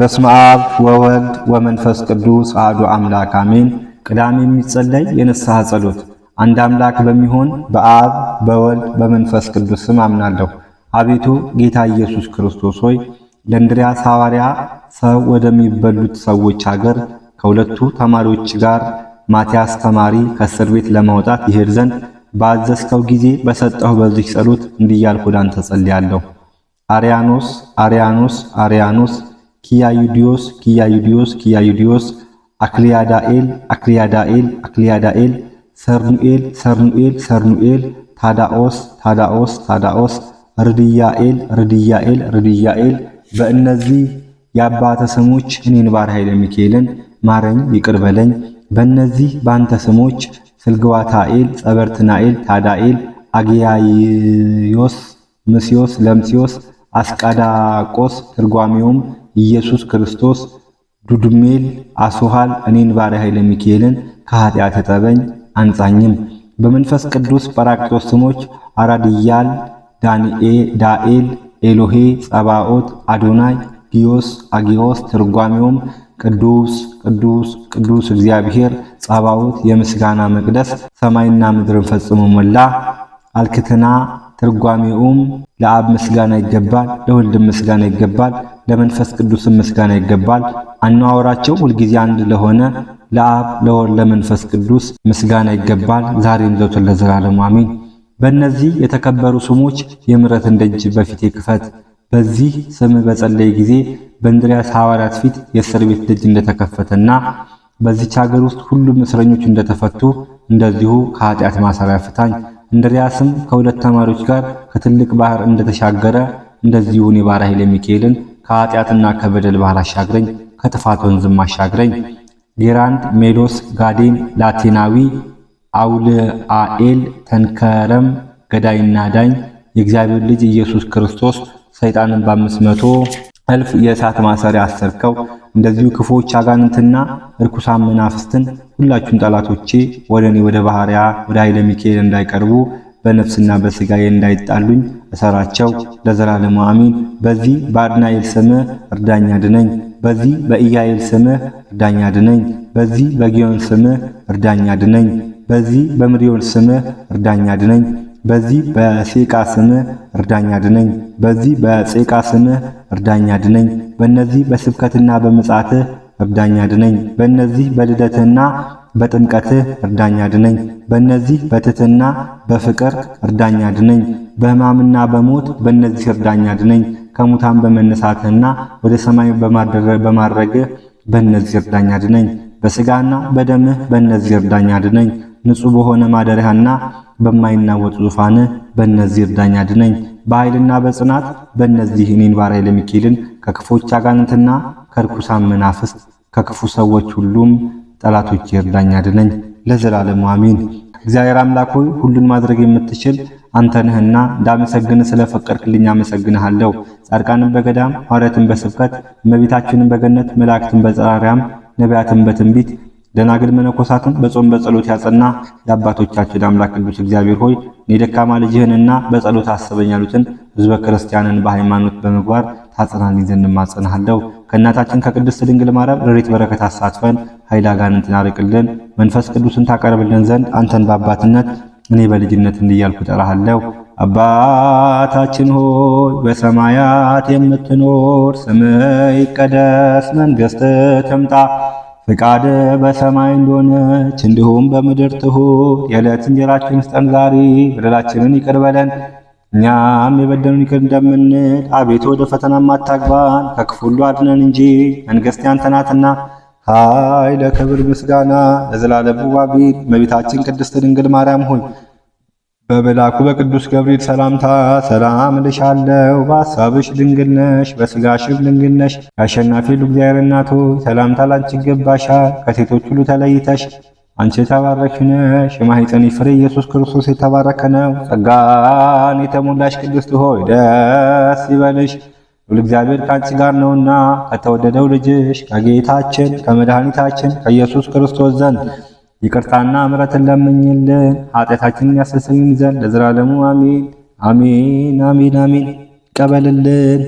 በስመ አብ ወወልድ ወመንፈስ ቅዱስ አሐዱ አምላክ አሜን። ቅዳሜ የሚጸለይ የንስሐ ጸሎት። አንድ አምላክ በሚሆን በአብ በወልድ በመንፈስ ቅዱስ ስም አምናለሁ። አቤቱ ጌታ ኢየሱስ ክርስቶስ ሆይ ለእንድርያስ ሐዋርያ ሰው ወደሚበሉት ሰዎች አገር ከሁለቱ ተማሪዎች ጋር ማቲያስ ተማሪ ከእስር ቤት ለማውጣት ይሄድ ዘንድ በአዘዝከው ጊዜ በሰጠሁ በዚህ ጸሎት እንዲህ እያልኩ አሪያኖስ አሪያኖስ። አርያኖስ አርያኖስ አርያኖስ ኪያዩዲዮስ ኪያዩዲዮስ ኪያዩዲዮስ አክሊያዳኤል አክሊያዳኤል አክሊያዳኤል ሰርኑኤል ሰርኑኤል ሰርኑኤል ታዳኦስ ታዳኦስ ታዳኦስ ርድያኤል ርድያኤል ርድያኤል በእነዚህ የአባተ ስሞች እኔን ባሪያ ኃይለ ሚካኤልን ማረኝ ይቅር በለኝ። በእነዚህ ባንተ ስሞች ስልግዋታኤል ጸበርትናኤል ታዳኤል አግያዮስ ምስዮስ ለምስዮስ አስቃዳቆስ ትርጓሜውም ኢየሱስ ክርስቶስ ዱድሜል አሶሃል እኔን ባሪ ኃይለ ሚካኤልን ከኃጢአት ተጠበኝ አንጻኝም። በመንፈስ ቅዱስ ጰራቅሊጦስ ስሞች አራድያል፣ ዳንኤል፣ ኤሎሄ፣ ጸባኦት፣ አዶናይ፣ ዲዮስ፣ አጊዮስ ትርጓሜውም ቅዱስ ቅዱስ ቅዱስ እግዚአብሔር ጸባኦት የምስጋና መቅደስ ሰማይና ምድርን ፈጽሞ ሞላ አልክትና ትርጓሜውም ለአብ ምስጋና ይገባል፣ ለወልድም ምስጋና ይገባል፣ ለመንፈስ ቅዱስም ምስጋና ይገባል። አነዋወራቸው ሁልጊዜ አንድ ለሆነ ለአብ ለወልድ ለመንፈስ ቅዱስ ምስጋና ይገባል፣ ዛሬም ዘወትር ለዘላለም አሜን። በእነዚህ የተከበሩ ስሞች የምሕረትን ደጅ በፊቴ ክፈት። በዚህ ስም በጸለይ ጊዜ በእንድሪያስ ሐዋርያት ፊት የእስር ቤት ደጅ እንደተከፈተና በዚች ሀገር ውስጥ ሁሉም እስረኞች እንደተፈቱ እንደዚሁ ከኃጢአት ማሰሪያ ፍታኝ እንድሪያስም ከሁለት ተማሪዎች ጋር ከትልቅ ባህር እንደተሻገረ እንደዚሁ እኔ ኃይለ ሚካኤልን ከኃጢአትና ከበደል ባህር አሻግረኝ፣ ከጥፋት ወንዝም አሻግረኝ። ጌራንድ፣ ሜሎስ፣ ጋዴን፣ ላቲናዊ አውልአኤል፣ ተንከረም፣ ገዳይና ዳኝ የእግዚአብሔር ልጅ ኢየሱስ ክርስቶስ ሰይጣንን በአምስት መቶ እልፍ የእሳት ማሰሪያ አሰርከው። እንደዚሁ ክፉዎች አጋንንትና እርኩሳን መናፍስትን ሁላችሁም ጠላቶቼ ወደ እኔ ወደ ባህሪያ ወደ ኃይለ ሚካኤል እንዳይቀርቡ በነፍስና በስጋዬ እንዳይጣሉኝ እሰራቸው ለዘላለሙ አሚን። በዚህ በአድናኤል ስምህ እርዳኛ ድነኝ። በዚህ በኢያኤል ስምህ እርዳኛ ድነኝ። በዚህ በጊዮን ስምህ እርዳኛ ድነኝ። በዚህ በምሪዮን ስምህ እርዳኛ ድነኝ። በዚህ በሴቃ ስምህ እርዳኛ ድነኝ። በዚህ በሴቃ ስምህ እርዳኛ ድነኝ። በእነዚህ በስብከትና በምጻትህ እርዳኛ ድነኝ። በእነዚህ በልደትህና በጥምቀትህ እርዳኛ ድነኝ። በእነዚህ በትትና በፍቅር እርዳኛ ድነኝ። በሕማምና በሞት በእነዚህ እርዳኛ ድነኝ። ከሙታን በመነሳትህና ወደ ሰማይ በማድረግህ በእነዚህ እርዳኛ ድነኝ። በስጋና በደምህ በእነዚህ እርዳኛ ድነኝ። ንጹሕ በሆነ ማደሪያና በማይናወጥ ዙፋንህ በእነዚህ እርዳኛ ድነኝ። በኃይልና በጽናት በእነዚህ እኔን ባሪያ ለሚካኤልን ከክፎች አጋንንትና ከርኩሳን መናፍስት ከክፉ ሰዎች ሁሉም ጠላቶች ይርዳኝ፣ አድነኝ፣ ለዘላለም አሜን። እግዚአብሔር አምላክ ሆይ ሁሉን ማድረግ የምትችል አንተ ነህና እንዳመሰግን ስለፈቀድክልኝ አመሰግንሃለሁ። ጻድቃንን በገዳም ሐዋርያትን በስብከት እመቤታችንን በገነት መላእክትን በጸራሪያም ነቢያትን በትንቢት ደናግል መነኮሳትን በጾም በጸሎት ያጸና የአባቶቻችን አምላክ ቅዱስ እግዚአብሔር ሆይ እኔ ደካማ ልጅህንና በጸሎት አስበኝ ያሉትን ህዝበ ክርስቲያንን በሃይማኖት በምግባር ታጸናልኝ ዘንድ እማጸንሃለሁ። ከእናታችን ከቅድስት ድንግል ማርያም ረድኤት በረከት አሳትፈን ኃይለ አጋንንትን አርቅልን፣ መንፈስ ቅዱስን ታቀርብልን ዘንድ አንተን በአባትነት እኔ በልጅነት እንዲያልኩ ጠራሃለሁ። አባታችን ሆይ በሰማያት የምትኖር ስምህ ይቀደስ፣ መንግስት ትምጣ ፍቃድ በሰማይ እንደሆነች እንዲሁም በምድር ትሁን። የዕለት እንጀራችንን ስጠን ዛሬ፣ በደላችንን ይቅር በለን እኛም የበደሉን ይቅር እንደምንል። አቤቱ ወደ ፈተና ማታግባን ከክፉ ሁሉ አድነን እንጂ መንግሥት ያንተ ናትና ኃይል፣ ክብር፣ ምስጋና ለዘላለም አሜን። እመቤታችን ቅድስት ድንግል ማርያም ሆይ በመልአኩ በቅዱስ ገብርኤል ሰላምታ ሰላም እልሻለሁ፣ በሐሳብሽ ድንግል ነሽ፣ በሥጋሽም ድንግል ነሽ። የአሸናፊ እግዚአብሔር እናቱ ሰላምታ ላንቺ ይገባሻል። ከሴቶች ሁሉ ተለይተሽ አንቺ የተባረክሽ ነሽ፣ የማኅፀንሽ ፍሬ ኢየሱስ ክርስቶስ የተባረከ ነው። ጸጋን የተሞላሽ ቅድስት ሆይ ደስ ይበልሽ፣ ሁሉ እግዚአብሔር ከአንቺ ጋር ነውና ከተወደደው ልጅሽ ከጌታችን ከመድኃኒታችን ከኢየሱስ ክርስቶስ ዘንድ ይቅርታና ምሕረትን ለምኝልን ኃጢአታችንን ያስተሰርይልን ዘንድ ለዘላለሙ አሜን አሜን አሜን አሜን ይቀበልልን።